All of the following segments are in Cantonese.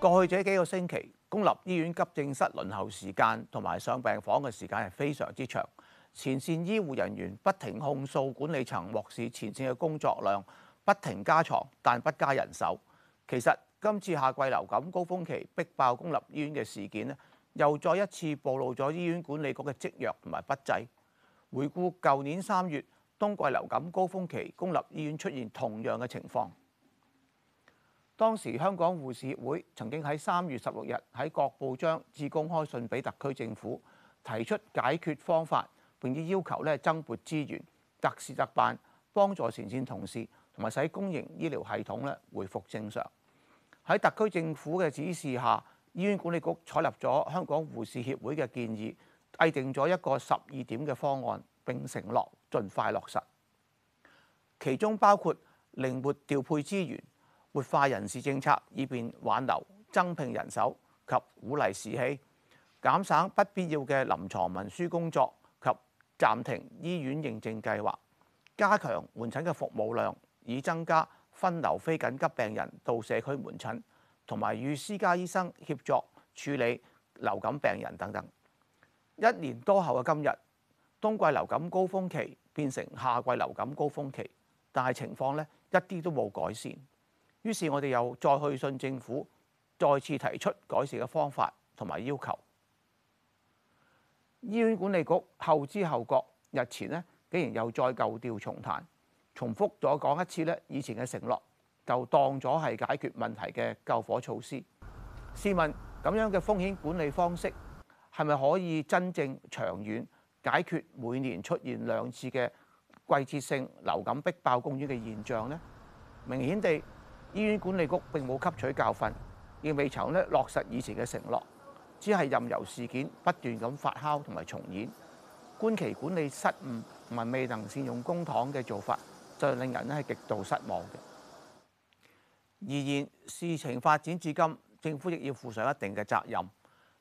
過去這幾個星期，公立醫院急症室輪候時間同埋上病房嘅時間係非常之長。前線醫護人員不停控訴管理層漠視前線嘅工作量，不停加床但不加人手。其實今次夏季流感高峰期逼爆公立醫院嘅事件呢，又再一次暴露咗醫院管理局嘅積弱同埋不濟。回顧舊年三月冬季流感高峰期，公立醫院出現同樣嘅情況。當時香港護士協會曾經喺三月十六日喺各報章致公開信俾特區政府，提出解決方法，並以要求咧增撥資源、特事特辦，幫助前線同事，同埋使公營醫療系統咧回復正常。喺特區政府嘅指示下，醫院管理局採納咗香港護士協會嘅建議。制定咗一個十二點嘅方案，並承諾盡快落實。其中包括靈活調配資源、活化人事政策，以便挽留、增聘人手及鼓勵士氣；減省不必要嘅臨床文書工作及暫停醫院認證計劃；加強門診嘅服務量，以增加分流非緊急病人到社區門診，同埋與私家醫生協助處理流感病人等等。一年多後嘅今日，冬季流感高峰期變成夏季流感高峰期，但係情況咧一啲都冇改善。於是，我哋又再去信政府，再次提出改善嘅方法同埋要求。醫院管理局後知後覺，日前呢竟然又再舊調重彈，重複咗講一次咧以前嘅承諾，就當咗係解決問題嘅救火措施。試問咁樣嘅風險管理方式，係咪可以真正長遠解決每年出現兩次嘅季節性流感逼爆公院嘅現象呢？明顯地，醫院管理局並冇吸取教訓，亦未曾咧落實以前嘅承諾，只係任由事件不斷咁發酵同埋重演。觀其管理失誤同埋未能善用公帑嘅做法，就令人係極度失望嘅。而現事情發展至今，政府亦要負上一定嘅責任。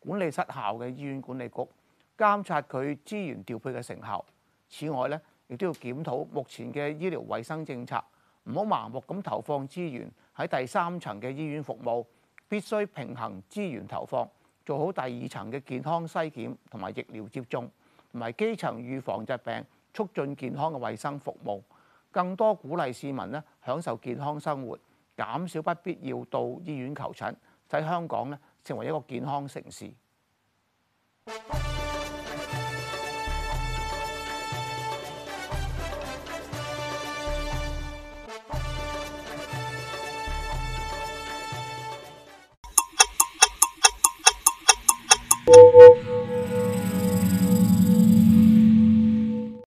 管理失效嘅醫院管理局，監察佢資源調配嘅成效。此外咧，亦都要檢討目前嘅醫療衛生政策，唔好盲目咁投放資源喺第三層嘅醫院服務，必須平衡資源投放，做好第二層嘅健康篩檢同埋疫苗接種，同埋基層預防疾病，促進健康嘅衛生服務，更多鼓勵市民咧享受健康生活，減少不必要到醫院求診，喺香港咧，成為一個健康城市。